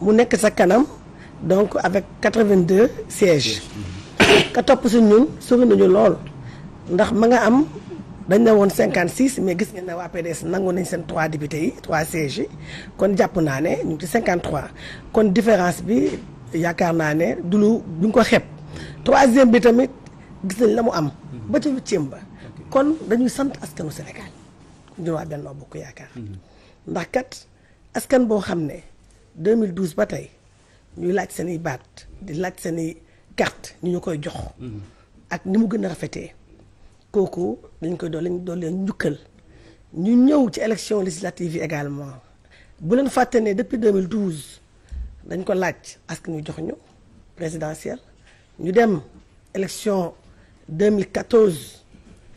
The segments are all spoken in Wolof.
mu nekk sa kanam donc avec 82 sièges ka topp si ñun sori nañu lool ndax ma nga am dañ ne woon cinquante 56 mais gis ngeen ne waa PDS nangu nañ seen 3 députés yi 3 sièges yi kon jàpp naa ne ñu ngi ci 53 kon différence bi yaakaar naa ne du lu duñ ko xeeb troisième bi tamit gis nañ la mu am. ba ci huitième ba. kon dañuy sant askanu Sénégal ñu waa Benno Bokk Yaakaar. Mm-hmm. ndax kat askan boo xam ne. 2012 ba tey ñuy laaj seen i baat di laaj seen i carte ñu ñu koy jox. Mm-hmm. ak ni mu gën a rafetee kooku dañ koy doon lañ doon leen njukkal ñu ñëw ci élection législative yi également bu leen fàtte ne depuis 2012 dañ ko laaj askan ñu jox ñu présidentielle ñu dem élection 2014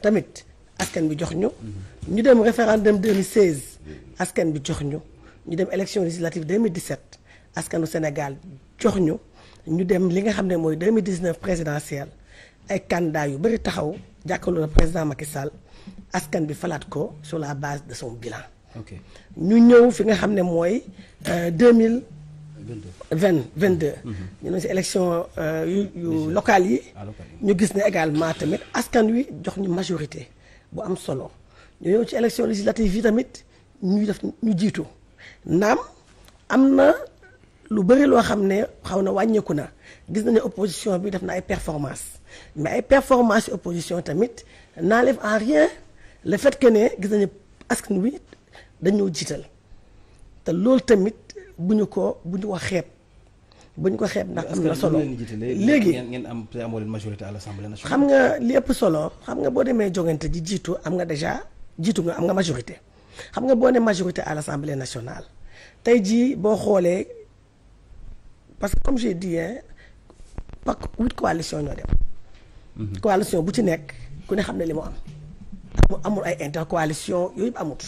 tamit askan bi jox ñu. Mm-hmm. ñu dem référendum 2016 askan bi jox ñu. ñu dem élection législative 2017 askanu Sénégal jox ñu ñu dem li nga xam ne mooy deux 2019 présidentielle ay candidats yu bëri taxaw jàkkaarloo la président Macky Sall askan bi falaat ko sur la base de son bilan. ok ñu ñëw fi nga xam ne mooy 2000. 22 22. ñu ne si élection euh, yu yu locales ah, yi. ñu gis ne également tamit askan wi jox ñu majorité bu am solo ñu ñëw ci élection législative yi tamit ñuy def ñu jiitu. naam am na lu bëri loo xam ne xaw na wàññeeku na gis nañu opposition bi def na ay performance mais ay performance opposition tamit n'enlève en rien le fait que ne gis nañu askin wi dañoo jiital te loolu tamit bu ñu ko bu ñu ko xeeb bu ñu ko xeeb ndax am na solo léegi ngeen am amoo leen majorité à l'Assemblée xam nga li ëpp solo xam nga boo demee jogante ji jiitu am nga déjà jiitu nga am nga majorité xam nga boo ne majorité à l'Assemblée nationale tey jii boo xoolee parce que comme j'ai dit hein pak huit coalition ñoo dem mhm. coalition bu ci nekk ku ne xam ne li mu am amul ay intercoalition yooyu yëpp amut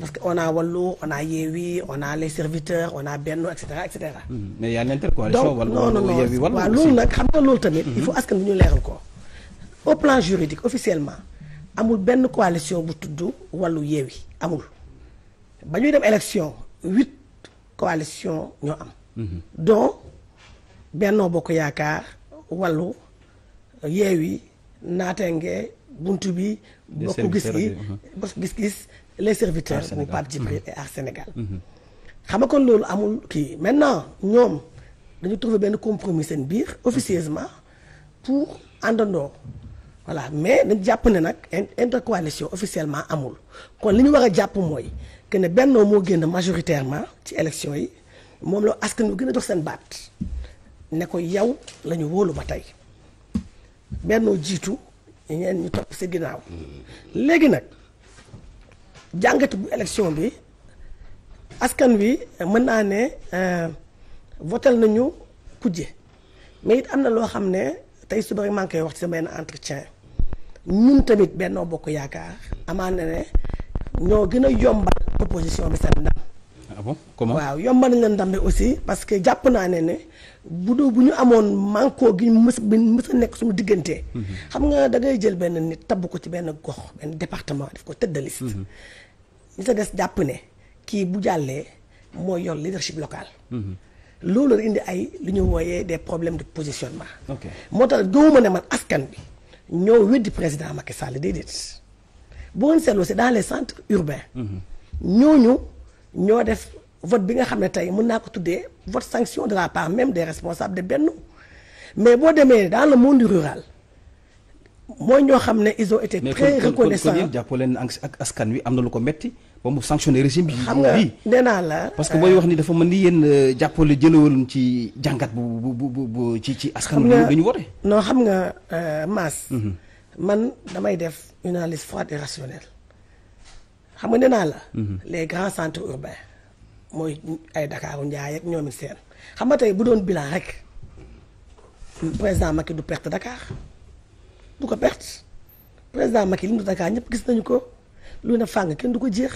parce que on a Wallu on a Yewwi on a les serviteurs on a Benno et cetera et cetera. Mhm. mais y a l'intercoalition loolu nag xam nga loolu tamit. il mhm. faut askan bi ñu leeral ko. au plan juridique officiellement. amul benn coalition bu tudd wàllu yeewi amul ba ñuy dem élection huit coalition ñoo am mhm. donc Benno Bokk Yaakaar wàllu yeewi naatenge buntu bi bokk gis gi bokk gis-gis les serviteurs bu ah, Pape Djibril mhm. et Sénégal mhm. xam nga kon loolu amul kii maintenant ñoom dañu trouver benn compromis seen biir officieusement pour àndandoo voilà mais dañ jàpp ne nag intercoalition officiellement amul kon li ñu war a jàpp mooy que ne Benno moo génn majoritairement ci élection yi moom la askan wi gën a jox seen baat ne ko yow lañu ñu wóolu ba tey Benno jiitu ñeen ñu topp si ginnaaw léegi nag jàngatu bu élection bi askan wi mën naa ne euh, votel nañu kujje mais it am na loo xam ne tey suba rek maa wax ci sama yenn entretien ñun tamit Benno Bokk Yaakaar amaan na ne ñoo gën a yombal opposition bi seen ndam. Ah waaw yombal nga ndam bi aussi parce que jàpp naa ne ne bu doo bu ñu amoon manko gi mës bi nekk suñu diggante. Mhm. xam nga da ngay jël benn nit tabb ko ci benn gox benn département daf ko tête de liste. Mhm. ñu sa des jàpp ne kii bu jàllee mooy yor leadership local. Mhm. loolu indi ay lu ñu wooyee des problème de positionnement. moo tax gëwuma ne man askan bi. ñoo weddi président Macky Sall déedéet bu ngeen seetloo si dans les centres urbains. ñooñu ñoo def vote bi nga xam ne tey mën naa ko tuddee vote sanction de la part même des responsables de benn mais boo demee dans le monde rural. mooy ñoo xam ne ils ont été très reconnaissants mais kon kon jàppoo leen ak askan wi am na lu ko metti ba mu sanctionné régime bi. xam nga nee naa la parce que booy euh, wax ni dafa man ni yéen euh, jàppale jëlewul ci jàngat bu bu bu bu ci ci askan wi. xam nga ñu woote. non xam nga euh, Mass. Mhm. man damay def une analyse froide et rationnelle xam nga nee naa la. Mhm. les grands centres urbains mooy ay Dakaaru Njaay ak ñoom seen xam nga tey bu doon bilan rek président Macky du perte Dakar. du ko perte président yi li mu Dakar ñëpp gis nañu ko lu ne fàng kenn du ko jeex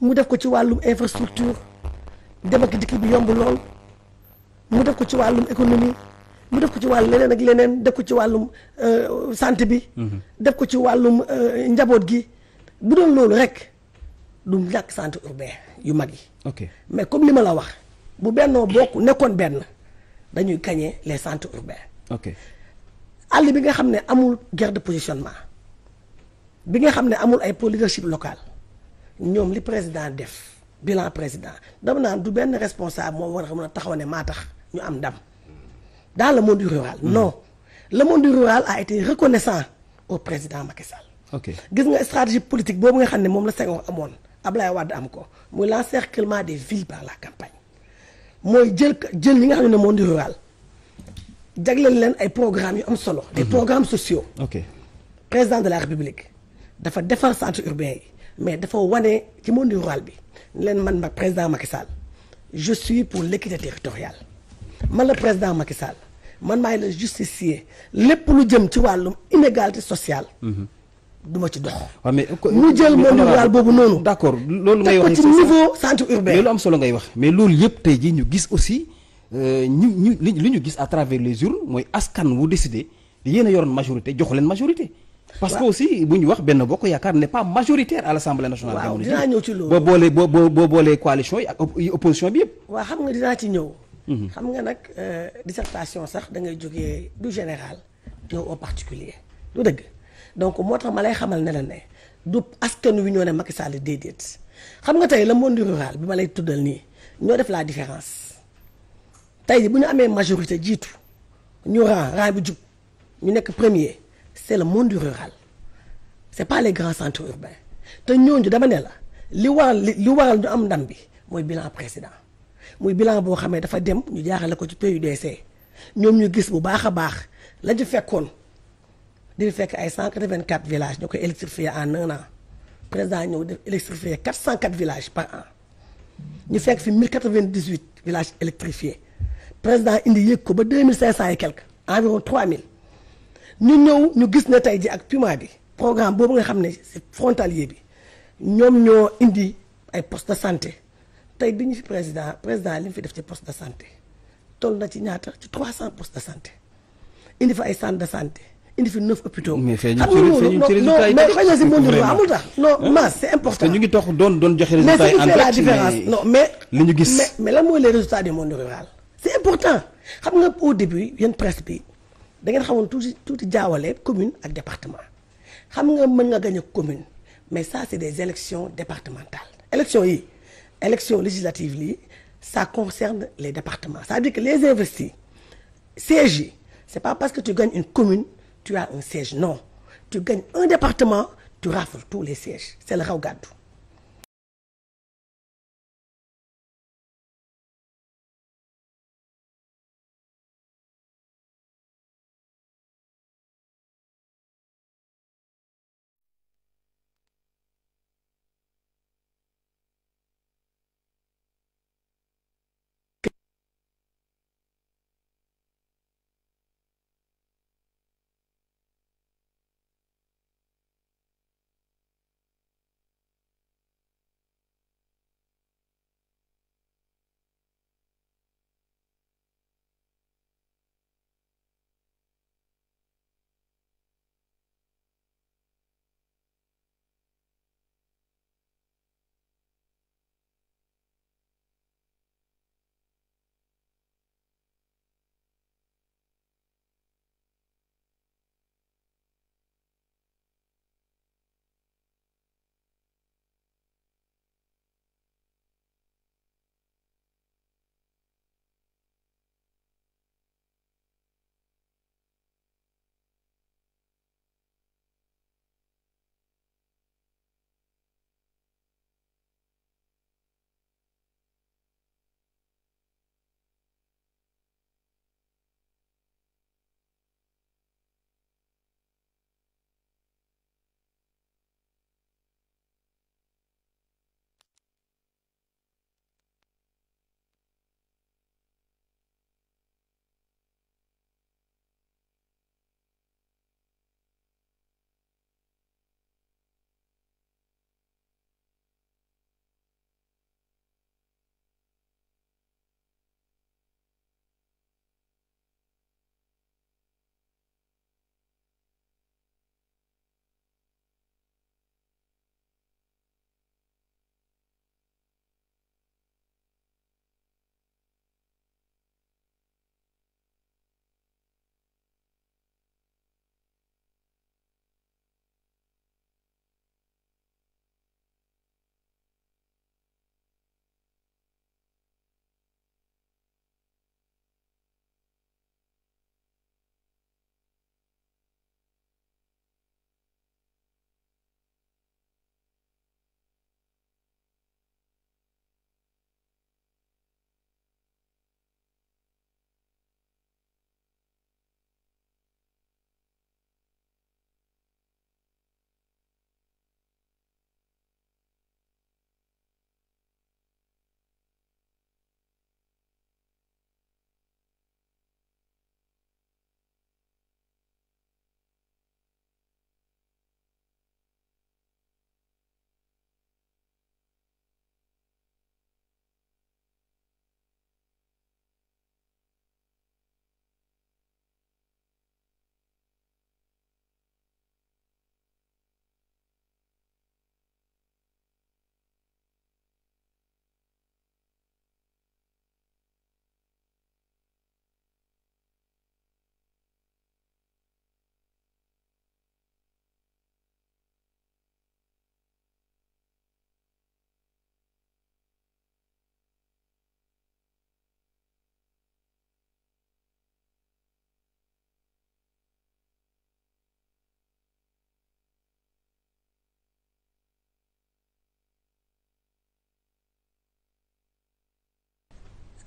mu def ko ci wàllum infrastructure dem ak dikk bi yomb lool mu def ko ci wàllum économie mu def ko ci wàllu leneen ak leneen def ko ci wàllum euh, santé bi. Mhm. def ko ci wàllum euh, njaboot gi bu doon loolu rek du ñàkk santé urbain yu mag yi. ok mais comme li ma la wax bu bennoo bokk nekkoon benn dañuy gagné les centres urbains. àll bi nga xam ne amul guerre de bi nga xam ne amul ay po leadership local ñoom li président def bilan président dama naan du benn responsable moo war a mën a taxaw ne maa tax ñu am ndam daal le monde rural. Hmm. non le mondi rural a été reconnaissant au président Macky Sall. ok gis nga stratégie politique boobu nga xam ne moom la Senghor amoon Ablaye Wade am ko muy l'encerclement des villes par la campagne mooy jël jël li nga xam ne mondi rural. jagleel leen ay programmes yu am solo. Mhm. des programmes sociaux. ok président de la république dafa defar centre urbain yi mais dafa wane ci monde rural bi leen man ma président Macky Sall je suis pour l'équité territoriale man la président Macky Sall man maay la justicier lépp lu jëm ci wàllum inégalité sociale. Mhm. du ma ci dox. waaw mais ñu jël monde rural boobu noonu. d'accord loolu ngay wax ci niveau centre urbain. loolu am solo ngay wax mais loolu yëpp tey jii ñu gis aussi. Euh, ñu ñu li ñu gis à travers les urnes mooy askan wu décidé yéen a yoroon majorité jox leen majorité. parce que aussi bu ñu wax benn bokk yaakaar ne pas majoritaire à l'Assemblée nationale. waaw dinaa ñëw ci loolu boo boolee boo boo boolee coalition xam nga dinaa ci ñëw. Mhm. xam nga nag euh, dissertation sax da ngay jógee du général ñëw au particulier dëgg donc moo tax ma lay xamal ne la ne du askan wi ñoo ne Macky Sall déedéet xam nga tey le monde rural bi ma lay tuddal nii ñoo def la différence. tey ji bu ñu amee majorité jiitu ñu ran ran bu jub ñu nekk premier c'est le monde rural c'est pas les grands centres urbains te ñooñu dama ne la li waral li waral ñu am ndam bi mooy bilan président muy bilan boo xamee dafa dem ñu jaaxale ko ci PUDC ñoom ñu gis bu baax a baax lañu fekkoon di fekk ay 184 village ñoo koy électrifier en un an président ñëw def électrifier 404 villages par an ñu fekk fi 1098 village électrifiés président indi yéeg ko ba deux mille cinq cent et quelque environ trois mille ñu ñëw ñu gis ne tey ji ak Puma bi programme boobu nga xam ne frontalier bi ñoom ñoo indi ay poste de santé tey bi ñu fi président président li mu fi def ci poste de santé toll na ci ñaata ci trois cent poste de santé indi fa ay centre de santé indi fi neuf hôpitaux. mais feeñu ci résultat yi non mais ah. feeñu amul tax. non masse c' important ñu ngi tox doon doon joxe résultat mais la différence mais. li ñu gis mais mais lan mooy les résultats du monde rural. c' est important xam nga au début yéen presse bi da ngeen xamoon tuuti tuuti jaawale commune ak département xam nga mën nga gañ a commune mais ça c' est des élections départementales. élections yi élections législatives lii ça concerne les départements cest dire que les investis sièges yi c' est pas parce que tu gagnes une commune tu as un siège non tu gagnes un département tu rafles tous les sièges c' est le raw gàddu.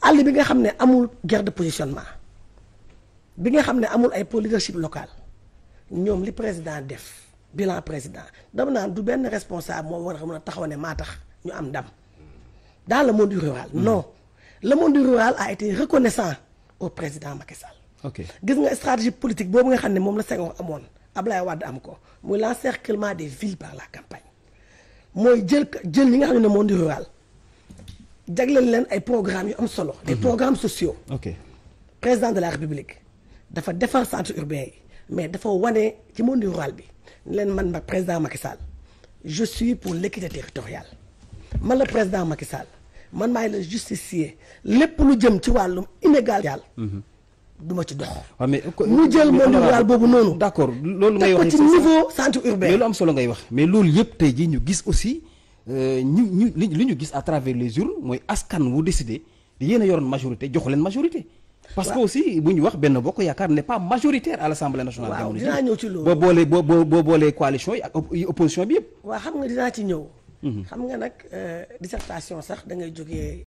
àll bi nga xam ne amul guerre de bi nga xam ne amul ay po leadership local ñoom li président def bilan président dama naan du benn responsable moo war a mën a taxaw ne maa tax ñu am ndam daal le monde rural. Hmm. non le monde rural a été reconnaissant au président Macky Sall. ok gis nga stratégie politique boobu nga xam ne moom la Senghor amoon Ablaye Wade am ko muy climat des villes par la campagne mooy jël jël li nga xam ne monde rural. jagleel leen ay programmes yu am solo. des mhm. programmes sociaux. ok président de la république dafa defar centre urbain yi mais dafa wane ci monde rural bi ne leen man ma président Macky Sall je suis pour l'équité territoriale man la président Macky Sall man maay la justicier lépp lu jëm ci wàllum inégal. Mhm. du ma ci dox. waaw mais ñu jël monde rural boobu noonu. d'accord loolu ngay wax ci niveau centre urbain. mais lu am solo ngay wax mais loolu yëpp tey jii ñu gis aussi. Euh, ñu ñu li ñu gis à travers les urnes mooy askan wu décidé yéen a yoroon majorité jox leen majorité. parce que aussi bu ñu wax benn bokk yaakaar ne pas majoritaire à l'Assemblée nationale. waaw dinaa ñëw ci loolu boo boolee boo boo boolee coalition yi ak opposition bi yëpp. waa xam nga dinaa ci ñëw. Mhm. xam nga nag euh, dissertation sax da ngay jógee.